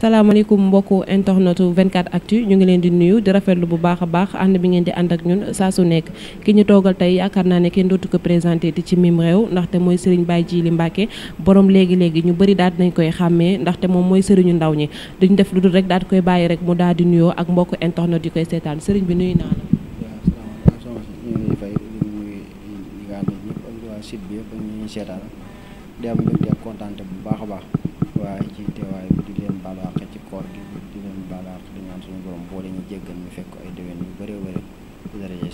salaamalekum mbokku internetu 24 actu ñu ngi leen di nuyu di rafetlu bu baax a baax ànd bi ngeen di ànd ak ñun saa su nekk ki ñu toogal tey yaakaar naa ne kenn dootu ko présenté ti ci mim réew ndaxte mooy Serigne Baye Djily Mbacké borom léegi-léegi ñu bëri daal dinañ koy xàmmee ndaxte moom mooy Serigne ndaw ñi duñ def lu dul rek daal koy bàyyi rek mu daal di nuyoo ak mbokku internet yi koy seetaan Serigne bi nuy naa la. di am baax waa ci teewaay bi di leen baal ci koor gi di leen baal àq ñaan suñu borom boole ñu jéggal ñu fekk ay déwén yu bëree bëri ci daraje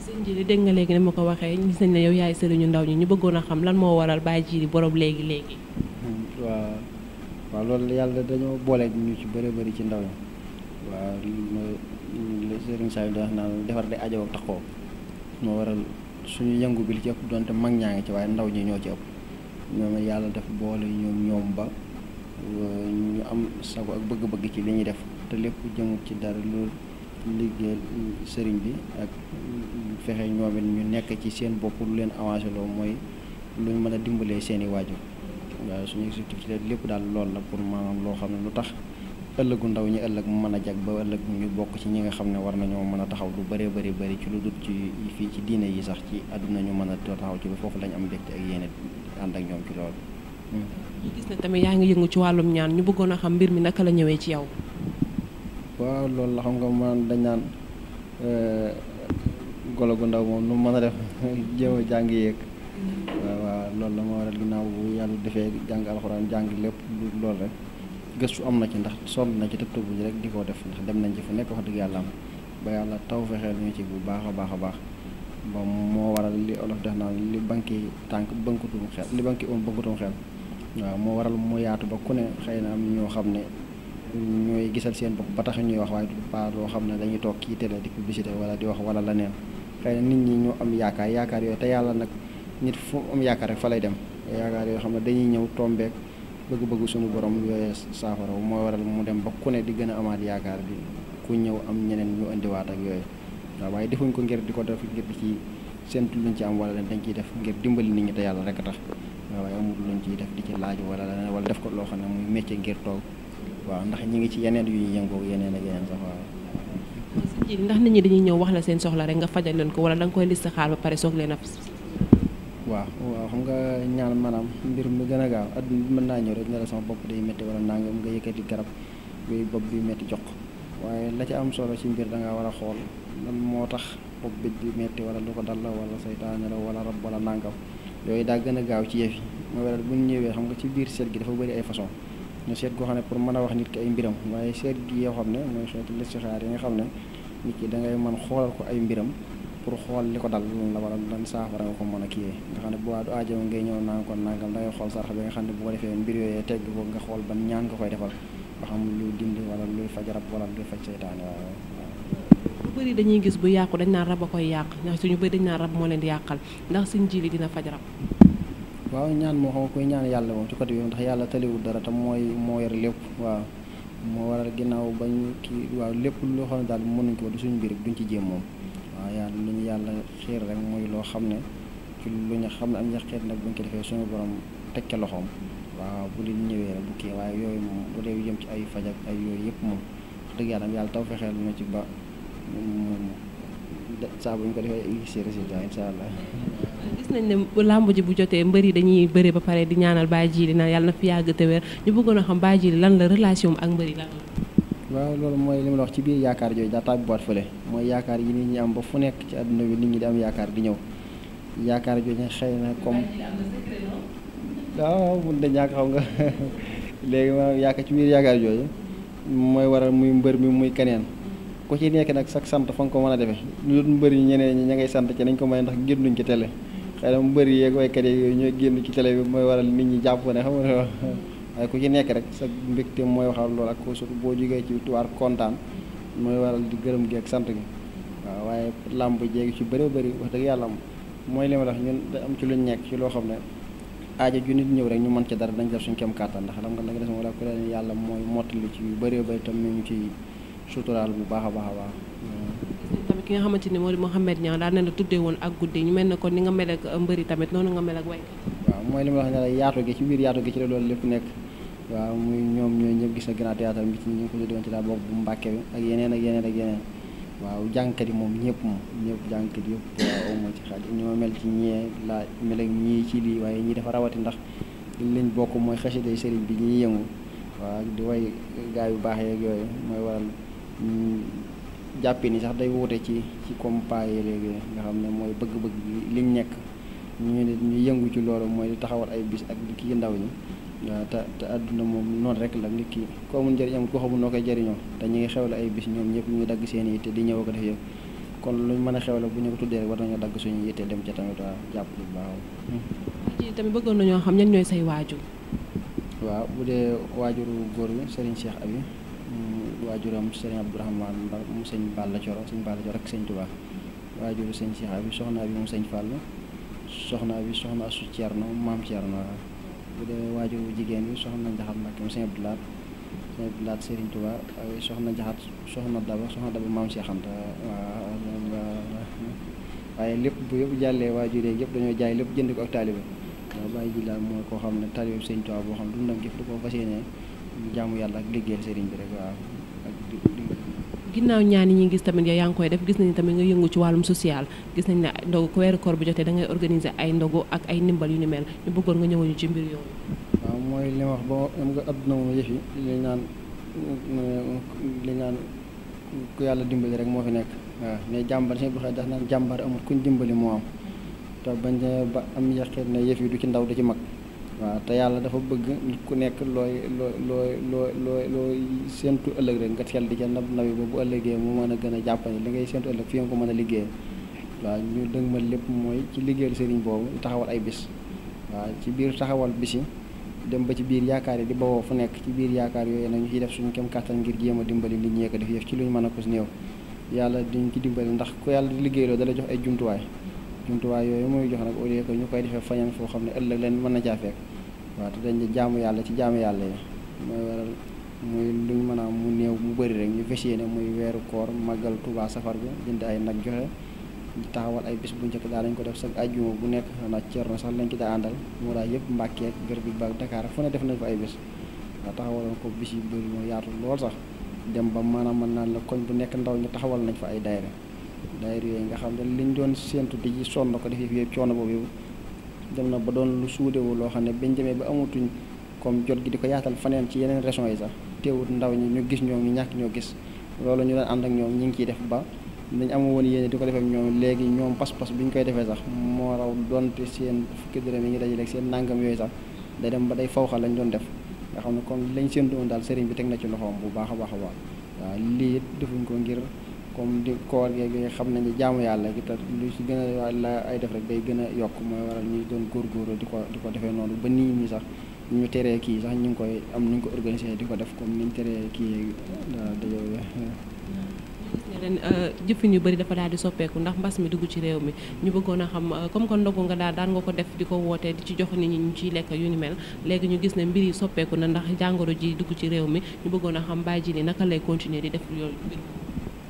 seen sëñ dégg nga léegi ni ma ko waxee gis nañ ne yow yaay sëriñu ndaw ñi ñu bëggoon a xam lan moo waral bàyyi ji di léegi léegi waaw waaw loolu yàlla dañoo boole ñu ci bëri bëri ci ndaw ñi waaw li sëriñ Saliou di wax defar de ajowak taxoo moo waral suñu yëngu bi li ci ëpp doonte mag ñaa ngi ci waaye ndaw ñi ñoo ci ëpp ñoom yàlla def boole ñoom ñoom ba ñu am sago ak bëgg-bëgg ci lu ñuy def te lépp jëmut ci dara loolu liggéey sëriñ bi ak fexe ñoom it ñu nekk ci seen bopp lu leen avancé loo mooy lu ñu mën a dimbalee seen i waajur waaw suñu exécutif lépp daal lool la pour maanaam loo xam ne lu tax ëllëgu ndaw ñi ëllëg mu mën a jag ba ëllëg ñu bokk ci ñi nga xam ne war nañoo mën a taxaw lu bëree bëri bëri ci lu dul ci fii ci diine yi sax ci àdduna ñu mën a taxaw ci lu foofu lañ am mbégte ak yéene ànd ñoom ci loolu. tamit yaa ngi yëngu ci wàllum ñaan ñu bëggoon a xam mbir mi naka la ñëwee ci yow. waaw loolu la xam nga man dañ naan euh, golo gu ndaw moom lu mën a def jéem a jàng yeeg. Mm-hmm. loolu la war ginnaaw bu yàlla defee jàng alxuraan jàng lépp lool rek. gëstu am na ci ndax sonn na ci tëb tëbuñu rek di ko def ndax dem nañ ci fu nekk wax dëgg yàlla am ba yàlla taw fexeel ñu ci bu baax a baax a baax ba moo waral li olof def naa li banki tànk bënkutum xel li banki oom bënkutum xel waaw moo waral mu yaatu ba ku ne xëy na am ñoo xam ne ñooy gisal seen bopp ba tax ñuy wax waaye du pas loo xam ne dañuy toog kii télé di publicité wala di wax wala la neen xëy nit ñi ñoo am yaakaar yaakaar yooyu te yàlla nag nit fu am yaakaar fa lay dem yaakaar yoo xam ne dañuy ñëw tombeek bëgg-bëgg suñu borom yooyee saafara moo waral mu dem ba ku ne di gën a amaat yaakaar bi ku ñëw am ñeneen ñu indiwaat ak yooyu waaw waaye defuñ ko ngir di ko def ngir di ci séntu luñ ci am wala dañ ciy def ngir dimbali nit ñi te yàlla rek a tax waaw luñ ciy def di ci laaj wala leneen wala def ko loo xam ne muy métier ngir toog waaw ndax ñi ngi ci yeneen yu yëngoo yeneen ak yeneen sax waaw. ndax nit ñi dañuy ñëw wax la seen soxla rek nga fajal leen ko wala da nga koy liste xaar ba pare soog leen a waaw waaw xam nga ñaan maanaam mbir mu gën a gaaw adduna bi mën naa ñëw rek nga la sama bopp day métti wala nangam nga yëkkati garab yooyu bopp bi métti jox waaye la ci am solo ci mbir da war a xool lan moo tax bopp bi di métti wala lu ko dal la wala saytaane la wala rab wala nangam yooyu daa gën a gaaw ci yëf yi mooy bu ñu ñëwee xam nga ci biir seet gi dafa bëri ay façon ñu seet koo xam ne pour mën a wax nit ki ay mbiram waaye seet gi yoo xam ne mooy seet listixaar yi nga xam ne nit ki da ngay mën ko ay pour xool li ko dal lan la wala lan saafara nga ko mën a kiyee nga xam ne bu waa du aajo ngay ñëw naan ko nangam da ngay xool sarax nga xam ne bu ko defee mbir yooyee tegg ko nga xool ban ñaan nga koy defal ba xam luy dindi wala luy faj rab wala luy faj dañuy gis bu yàqu dañ naan rab a koy yàq ndax suñu bëri dañ naan rab moo leen di yàqal ndax suñ ji dina faj rab ñaan moo xam koy ñaan yàlla moom ci côté bi ndax yàlla taliwul dara te mooy moo yor lépp waaw moo waral gannaaw bañ kii waaw lépp loo xam ne daal mënuñ ko du suñu mbir duñ ci jéem moom yàlla lu yàlla xiir rek mooy loo xam ne ci lu ñu xam ne am njëkk nag bu ñu ko defee suñu borom tekke loxoom waaw bu leen ñëwee rek bu kii waaye yooyu moom bu dee jëm ci ay faj ak yooyu yëpp moom wax dëgg yàlla yàlla taw fexeel na ci ba moom saa ko defee gis résultat incha allah. gis nañ ne làmb ji bu jotee mbër yi dañuy bëre ba pare di ñaanal Baye Djily na yàlla na fi yàgg te wér ñu bëggoon a xam Baye Djily lan la relation ak mbëri lan la. waaw loolu mooy li ma la wax ci biir yaakaar jooju daa tàbbiwaat fële mooy yaakaar yi nit ñi am ba fu nekk ci àdduna bi nit ñi di am yaakaar di ñëw yaakaar jooju xëy na comme waaw da ñàkk xam nga léegi maanaam yaakaar ci biir yaakaar jooju mooy waral muy mbër mi muy keneen ku ci nekki nag sax sant fa nga ko mën a defee lu dul mbër yi ñeneen ñi ña ngay sant ci nañ ko may ndax génnuñ ci télé xëy na mbër yi yeeg waykat yi ñooy génn ci télé bi mooy waral nit ñi jàpp ne xam nga waaye ku ci nekk rek sa te mooy waxal loolu ak ko surtout boo jógee ci tuwaar kontaan mooy waral di gërëm gi ak sant gi waaw waaye làmb jéegi ci bëri bëri wax dëgg yàlla ma wax ñun da am ci luñ nekk ci loo xam ne aajo ju nit ñëw rek ñu mën ci dara dañ def suñ kem kàttan ndax lam nga la nga des moom yàlla mooy mottali ci yu bëree bëri tam ñu ci suturaal bu baax a baax a baax tamit ki nga xamante ni moo di Mouhamed Niang daal ne la tuddee woon ak guddi ñu mel ne kon ni nga mel ak mbëri tamit noonu nga mel ak way waaw mooy li ma wax ne la yaatu gi ci biir yaatu gi ci la loolu lépp nekk waaw muy ñoom ñooy ñëpp gis na grand théâtre bi ci ñu ko tuddoon ci laa bokk bu Mbàkke bi ak yeneen ak yeneen ak yeneen waaw jàngkat yi moom ñëpp moom ñëpp jàngkat yëpp waaw aw ñoo mel ci ñee laa mel ñii ci lii waaye ñii dafa rawati ndax liñ bokk mooy xasiday sëriñ bi ñuy yëngu waa di way gaay yu baax yeeg yooyu mooy waral jàppee ni sax day wuute ci ci compas yi léegi nga xam ne mooy bëgg-bëgg bi liñ nekk ñu ne ñu yëngu ci loolu mooy di taxawal ay bis ak di kii ndaw ñi waaw te te àdduna moom noonu rek la nit ki ku amul njëriñ am ku noo koy jëriñoo te ñu ngi xewle ay bis ñoom ñëpp ñu dagg seen yitte di ñëw ko def yëpp kon luñ mën a xewle bu ñu ko tuddee war nañoo dagg suñu yitte dem ca tamit waaw jàpp bu baax ci tamit bëggoon nañoo xam ñan ñooy say waajur waaw bu dee waajuru góor bi Serigne Cheikh Abi mm, waajuram Serigne Abdourahmane Mbar mu sëñ Balla Coro sëñ Balla Coro ak sëñ Touba waajuru sëñ Cheikh Abi soxna bi mu soxna bi soxna su Thierno maam Thierno waaw bu dee waajur bu jigéen bi soxna Njaxate Mbàkke mu Sëñ Abdu Lahat Sëñ Abdu Lahat Sëriñ Tuuba soxna Njaxate soxna Daba soxna Daba maam Seex Anta waaye lépp bu yëpp jàllee waajur yëpp dañoo jaay lépp jënd ko ak taalibe waaw bàyyi ji mooy koo xam ne taalibe Sëriñ Tuuba boo xam dundam jëf du ko fas yéene jaamu yàlla ak liggéeyal sëriñ bi rek waaw ginnaaw ñaan yi ñuy gis tamit yaa ngi koy def gis nañu tamit nga yëngu ci wàllum social gis nañ ne ndogu ko weeru koor bu jotee da ngay organiser ay ndogu ak ay ndimbal yu ni mel ñu bëggoon nga ñëwoon ñu ci mbir yooyu. waaw mooy li wax ba am nga adduna moom yëf yi li naan li naan yàlla dimbali rek moo fi nekk mais jàmbar si bu xëy dax jàmbar amul kuñ dimbali moo am te ba bañ ba am yaqin ne yëf yi du ci ndaw du ci mag waaw te yàlla dafa bëgg ku nekk looy looy looy looy looy looy séentu ëllëg rek nga teel di ca nab nawi ba bu ëllëgee mu mën a gën a jàppale li ngay séentu ëllëg fii nga ko mën a liggéey waaw ñu dëg ma lépp mooy ci liggéeyal sëriñ boobu taxawal ay bis waaw ci biir taxawal bis dem ba ci biir yaakaar yi di bawoo fu nekk ci biir yaakaar yooyu nag ñu ciy def suñu kem kàttan ngir jéem a dimbali nit ñee ko def yëf ci luñ mën a ko néew yàlla diñ ci dimbali ndax ku yàlla liggéeyloo dala jox ay jumtuwaay jumtuwaay yooyu muy jox nag au lieu que ñu koy defee fañan foo xam ne ëllëg leen mën na caa fekk waaw te dañ jaamu yàlla ci jaamu yàlla yi mooy waral muy luñ mën a mu néew mu bëri rek ñu fas yéene muy weeru koor màggal Tuubaa safar bi jënd ay nag joxe taxawal ay bis bu njëkk daa lañ ko def sax ajjuma bu nekk xanaa Cerno sax lañ ci daa àndal moo daa yëpp Mbàkke ak gër bi ba Dakar fu ne def nañ fa ay bis waaw taxawaloon ko bis yu bëri moo yaatu lool sax dem ba maanaam mën naan koñ bu nekk ndaw ñu taxawal nañ fa ay daayira daayira yooyu nga xam ne liñ doon séentu di ci sonn ko def yëpp coono boobu dem na ba doon lu suudewu loo xam ne bañ demee ba amatuñ comme jot gi di ko yaatal faneen ci yeneen régions yi sax teewut ndaw ñi ñu gis ñoom ñu ñàkk ñoo gis loolu ñu doon ànd ak ñoom ñu ngi ciy def ba dañ am woon yéene di ko defee ñoom léegi ñoom pas-pas bi ñu koy defee sax moo raw donte seen fukki dërëm yi ngi seen nàngam yooyu sax day dem ba day fawxa lañ doon def nga xam ne kon lañ seen doon daal sëriñ bi teg na ci loxoom bu baax a baax a baax waaw lii defuñ ko ngir comme di koor geeg yi xam nañ ne jaamu yàlla gi te lu ci gën a la ay def rek bay gën a yokk mooy waral ñuy doon góor di ko di ko defee noonu ba nii ñi sax ñu teree kii sax ñu ngi koy am ñu ko organisé di ko def comme ni ñu kii yeeg euh, dajoo euh. ren euh, jëfin yu bëri dafa daal di soppeeku ndax mbas mi dugg ci réew mi ñu bëggoon a xam comme que ndogu nga daal daan nga ko def di ko wootee ci jox ñi ñu ciy lekk yu ni mel léegi ñu gis ne mbir yi soppeeku na ndax jàngoro ji dugg ci réew mi ñu bëggoon a xam bàyyi ji ni naka lay continuer di def yooyu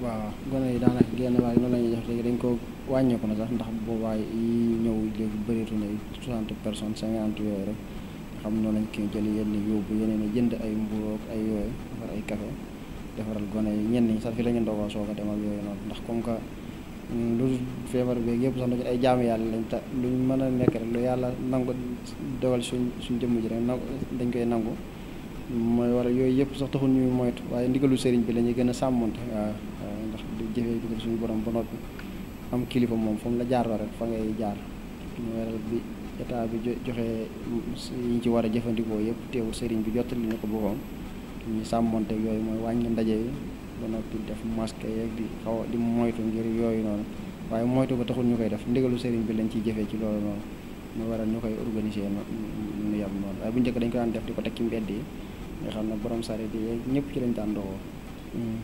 waaw gone yi daanaka génn waaye noonu la ñuy def léegi dañ ko wàññeeku na sax ndax waaye yi ñëw léegi bëreetu na soixante personnes cinquante yooyu rek xam noonu lañ koy jëli yenn yóbbu yeneen jënd ay mburoog ay yooyu defar ay defaral gone yi ñenn ñi sax la ñu ndogoo soog a dem yooyu noonu ndax comme que mm, lu feebar beeg yëpp sax dañu ay jaamu yàlla lañ te luñ mën a nekk rek lu yàlla nangu dogal suñ suñ jëmm ji rek dañ koy nangu mooy war yooyu yëpp sax taxul ñuy moytu waaye ndigalu sëriñ bi la ñuy gën a sàmmonte waaw jëfee digal suñu borom ba noppi am kilifa moom fa mu la jaarloo rek fa ngay jaar mooy waral bi état bi joxee yi ñu ci war a jëfandikoo yëpp teewu sëriñ bi jottali na ko boppam ñu sàmmonteeg yooyu mooy wàññi ndaje yi ba def masque yeeg di xaw di moytu ngir yooyu noonu waaye moytu ko taxul ñu koy def ndigalu sëriñ bi lañ ciy jëfee ci loolu noonu mooy waral ñu koy organiser nu yem noonu waaye bu njëkk dañ ko daan def di ko teg ci mbedd yi nga xam ne borom saret yi yeeg ñëpp ci lañ daan doxoo hmm.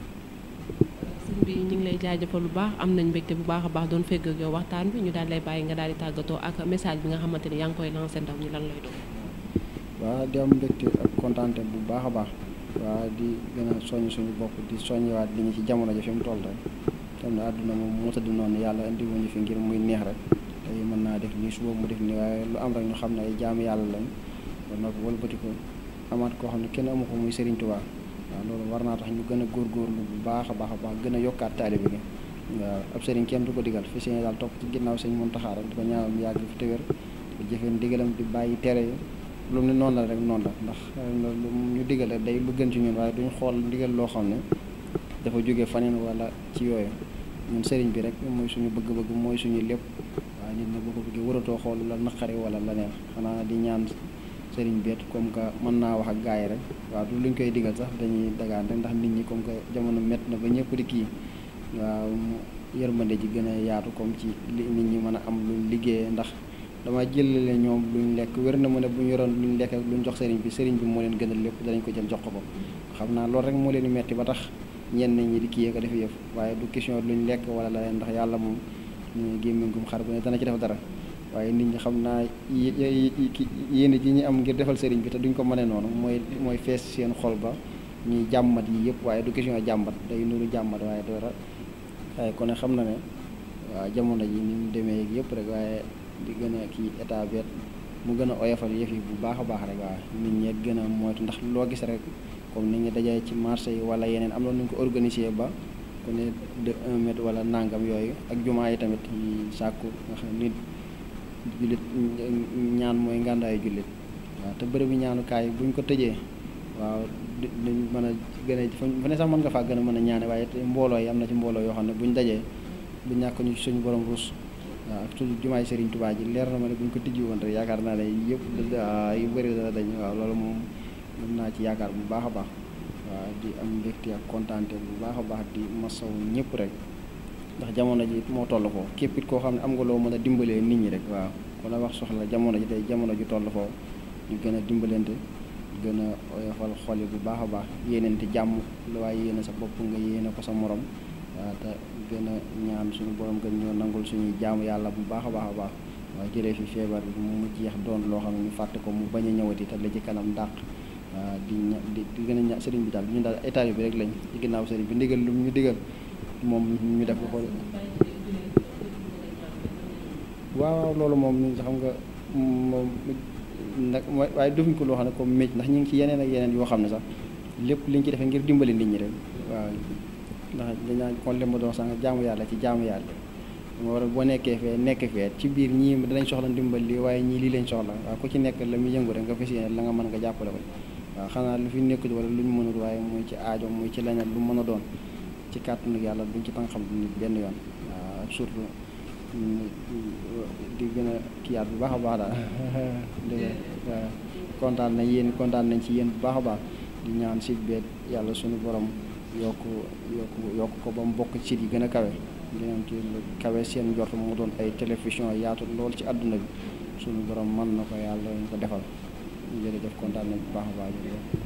bi ñu ngi lay jaajëfal bu baax am nañ mbégte bu baax a baax doon fegg ak waxtaan bi ñu daal lay bàyyi nga daal di tàggatoo ak message bi nga xamante ne yaa ngi koy lancé ndaw ñi lan waaw di am mbégte ak bu baax a baax di gën suñu bopp di soññewaat li ci jamono ja fi mu toll rek xam ne àdduna moom moo tëdd noonu yàlla indi wuñu fi ngir muy neex rek tey mën naa def nii suba mu def nii waaye lu am rek ñu xam ne ay jaam yàlla lañ kon nag wëlbati ko amaat koo xam ne kenn amu ko muy Serigne Touba waaw loolu war naa tax ñu gën a góor góorgóorlu bu baax a baax a baax gën a yokkaat taalibe gi waaw ab sëriñ kenn du ko digal fi sëñ daal topp ci ginnaaw sëñ Muntaxa rek di mu yàgg fi te wér di bàyyi tere yi ne noonu la rek noonu la ndax euh, ñu digale day lu gën ci ñun waaye duñ xool ndigal loo xam ne dafa jóge faneen wala ci yooyu ñun sëriñ bi rek mooy suñu bëgg-bëgg mooy suñu lépp waaye nit na boo ko bëggee waratoo xool la naqari wala la neex xanaa di ñaan sëriñ beet comme que mën naa wax ak gars yi rek waa du luñ koy digal sax dañuy dagaan rek ndax nit ñi comme que jamono métt na ba ñëpp di kii waaw yërmande ji gën a yaatu comme ci li nit ñi mën a am luñ liggéeyee ndax dama jëlale ñoom luñ lekk wér na ma ne bu ñu yoroon luñ lekk ak luñ jox sëriñ bi sëriñ bi moo leen gënal lépp danañ ko jël jox ko ko xam naa loolu rek moo leen metti ba tax ñenn ñi di kii ko def yëf waaye du question luñ lekk wala la leen ndax yàlla moom gémmiñ gum xar bu ne dana ci def dara waaye nit ñi xam naa yéene ji ñu am ngir defal sëriñ bi te duñ ko mënee noonu mooy mooy fees seen xol ba ñuy jàmmat yi yëpp waaye du question jàmbat day nuru jàmmat waaye dara waaye kon xam na ne waaw jamono ji ni mu demee yëpp rek waaye di gën a kii état bi mu gën a oyofal yëf yi bu baax a baax rek waaw nit ñi gën a moytu ndax loo gis rek comme ni ñu dajee ci marché yi wala yeneen am na nu ñu ko organiser ba ku ne de un mètre wala nangam yooyu ak jumaa yi tamit yi sàkku nit jullit ñaan mooy ngàndaayu jullit waaw te bërëb yi ñaanukaay bu ñu ko tëjee waaw duñ mën a gën a fa ne sax mën nga faa gën a mën a ñaane waaye mbooloo yi am na ci mbooloo yoo xam ne buñ dajee bu ñàkk ñu suñu borom ruus waaw ak toujours jumaay Serigne Touba ji leer na ma ne buñ ko tijji woon rek yaakaar naa ne yëpp yu bëri dana dañ waaw loolu moom mën naa ci yaakaar bu baax a baax waaw di am mbégte ak kontaante bu baax a baax di masaw ñëpp rek ndax jamono ji moo toll foofu képp koo xam ne am nga loo mën a dimbalee nit ñi rek waaw wala wax soxla jamono ji tey jamono ji toll foofu ñu gën a dimbalante gën a oyofal xol yi bu baax a baax yéenante jàmm lu waaye sa bopp nga yéene ko sa morom waaw te gën a ñaan suñu borom gën ñoo nangul suñuy jaamu yàlla bu baax a baax a baax waaw jëlee fi feebar bi mu jeex doon loo xam ne ñu fàtte ko mu bañ a ñëwati te la ci kanam dàq di di gën a ña sëriñ bi daal ñu daal état bi rek lañ ci ginnaaw sëriñ bi ndigal lu ñu digal moom ñu def ko waaw loolu moom ñu xam nga moom nag waaye defuñ ko loo xam ne comme méj ndax ñu ngi ci yeneen ak yeneen yoo xam ne sax lépp liñ ci defee ngir dimbali nit ñi rek waaw ndax dañaa kon ma doon sànq jaamu yàlla ci jaamu yàlla boo nekkee fee nekk fee ci biir ñii danañ soxla ndimbal li waaye ñii lii lañ soxla waaw ku ci nekk la mu yëngu rek nga fas yéene la nga mën nga jàppale ko waaw xanaa lu fi nekkul wala lu ñu mënul waaye muy ci aajo muy ci leneen lu mën a doon ci kàttanu yàlla duñ ci tànqam du nit benn yoon waaw surtout di gën a kiyaat bu baax a baax daal kontaan nañ yéen kontaan nañ ci yéen bu baax a baax di ñaan sit beet yàlla suñu borom yokk yokk yokk ko ba mu bokk sit yi gën a kawe dinañ ci kawe seen njort mu doon ay télévision yaatu lool ci àdduna bi suñu borom mën na ko yàlla ñu ko defal def kontaan nañ bu baax a baax jërëjëf